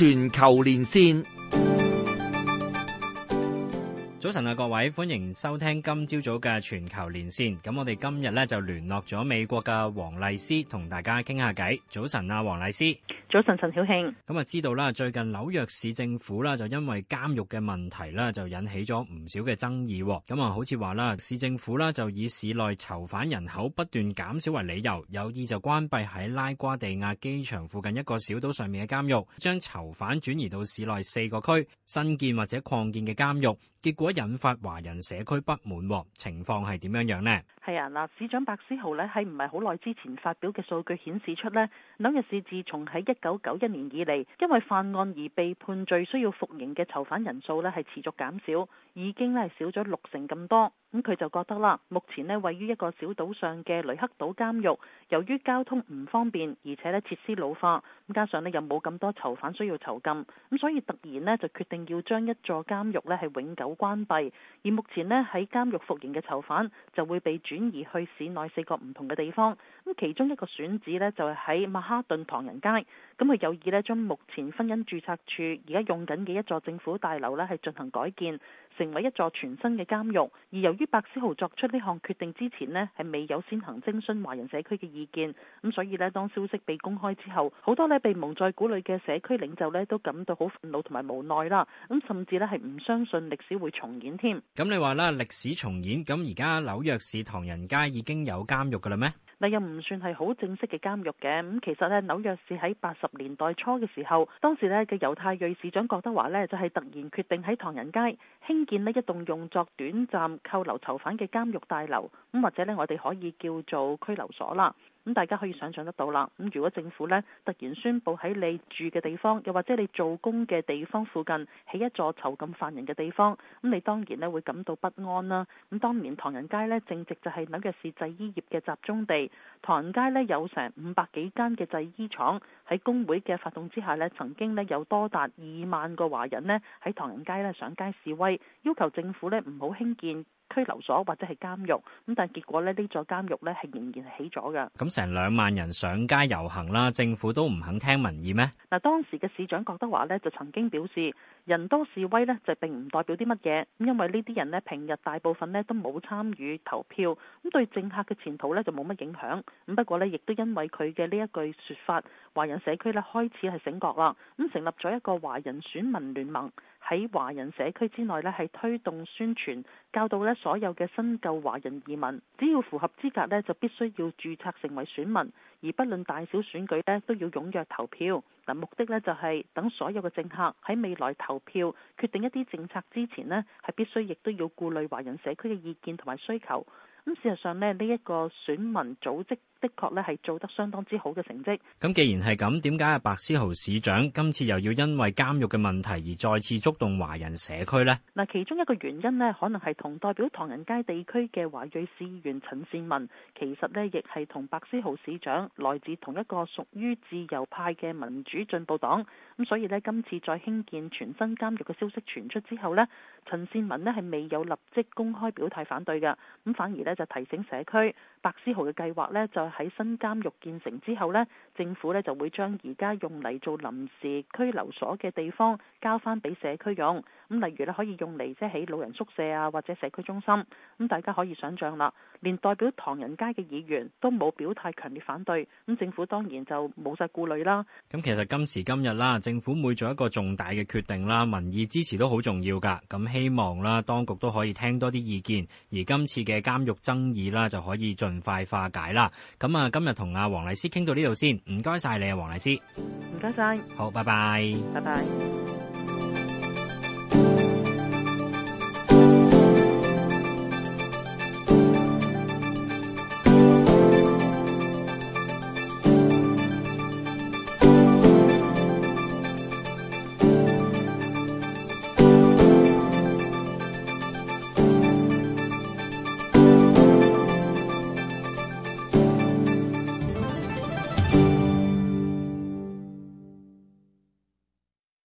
全球連線，早晨啊各位，歡迎收聽今朝早嘅全球連線。咁我哋今日咧就聯絡咗美國嘅黃麗施同大家傾下偈。早晨啊，黃麗施。早晨，陳曉慶。咁啊，知道啦，最近紐約市政府啦，就因為監獄嘅問題啦，就引起咗唔少嘅爭議。咁啊，好似話啦，市政府啦就以市內囚犯人口不斷減少為理由，有意就關閉喺拉瓜地亞機場附近一個小島上面嘅監獄，將囚犯轉移到市內四個區新建或者擴建嘅監獄，結果引發華人社區不滿。情況係點樣樣呢？係啊，嗱，市長白思豪咧喺唔係好耐之前發表嘅數據顯示出咧，紐約市自從喺一九九一年以嚟，因為犯案而被判罪需要服刑嘅囚犯人數呢係持續減少，已經呢係少咗六成咁多。咁佢就覺得啦，目前呢位於一個小島上嘅雷克島監獄，由於交通唔方便，而且呢設施老化，咁加上呢又冇咁多囚犯需要囚禁，咁所以突然呢就決定要將一座監獄呢係永久關閉。而目前呢喺監獄服刑嘅囚犯就會被轉移去市內四個唔同嘅地方，咁其中一個選址呢，就係喺曼哈頓唐人街。咁佢有意呢將目前婚姻註冊處而家用緊嘅一座政府大樓呢，係進行改建，成為一座全新嘅監獄。而由於白思豪作出呢項決定之前呢，係未有先行徵詢華人社區嘅意見，咁所以呢，當消息被公開之後，好多呢被蒙在鼓裏嘅社區領袖呢都感到好憤怒同埋無奈啦。咁甚至呢，係唔相信歷史會重演添。咁你話啦，歷史重演，咁而家紐約市唐人街已經有監獄㗎啦咩？但又唔算係好正式嘅監獄嘅。咁，其實呢，紐約市喺八十年代初嘅時候，當時呢嘅猶太裔市長郭德華呢，就係突然決定喺唐人街興建呢一棟用作短暫扣留囚犯嘅監獄大樓咁，或者呢，我哋可以叫做拘留所啦。咁大家可以想象得到啦。咁如果政府呢，突然宣布喺你住嘅地方，又或者你做工嘅地方附近起一座囚禁犯人嘅地方，咁你當然呢會感到不安啦。咁當年唐人街呢，正值就係紐約市製衣業嘅集中地，唐人街呢，有成五百幾間嘅製衣廠，喺工會嘅發動之下呢，曾經呢有多達二萬個華人呢喺唐人街呢上街示威，要求政府呢唔好興建。拘留所或者係監獄，咁但係結果呢，呢座監獄呢係仍然係起咗嘅。咁成兩萬人上街遊行啦，政府都唔肯聽民意咩？嗱，當時嘅市長郭德華呢就曾經表示，人多示威呢就並唔代表啲乜嘢，因為呢啲人呢平日大部分呢都冇參與投票，咁對政客嘅前途呢就冇乜影響。咁不過呢，亦都因為佢嘅呢一句説法，華人社區呢開始係醒覺啦，咁成立咗一個華人選民聯盟。喺華人社區之內呢係推動宣傳，教導呢所有嘅新舊華人移民，只要符合資格呢就必須要註冊成為選民，而不論大小選舉呢都要踴躍投票。嗱，目的呢就係等所有嘅政客喺未來投票決定一啲政策之前呢係必須亦都要顧慮華人社區嘅意見同埋需求。咁事實上呢，呢、這、一個選民組織。的確呢係做得相當之好嘅成績。咁既然係咁，點解阿白思豪市長今次又要因為監獄嘅問題而再次觸動華人社區呢？嗱，其中一個原因呢，可能係同代表唐人街地區嘅華裔市議員陳善文，其實呢亦係同白思豪市長來自同一個屬於自由派嘅民主進步黨。咁、嗯、所以呢，今次再興建全新監獄嘅消息傳出之後呢，陳善文呢係未有立即公開表態反對嘅，咁反而呢，就提醒社區，白思豪嘅計劃呢就。喺新監獄建成之後咧，政府咧就會將而家用嚟做臨時拘留所嘅地方交翻俾社區用。咁例如咧可以用嚟即係喺老人宿舍啊，或者社區中心。咁大家可以想像啦，連代表唐人街嘅議員都冇表態強烈反對，咁政府當然就冇晒顧慮啦。咁其實今時今日啦，政府每做一個重大嘅決定啦，民意支持都好重要㗎。咁希望啦，當局都可以聽多啲意見，而今次嘅監獄爭議啦，就可以盡快化解啦。咁啊，今日同阿黃麗施傾到呢度先，唔該晒你啊，黃麗施，唔該晒，好，拜拜，拜拜。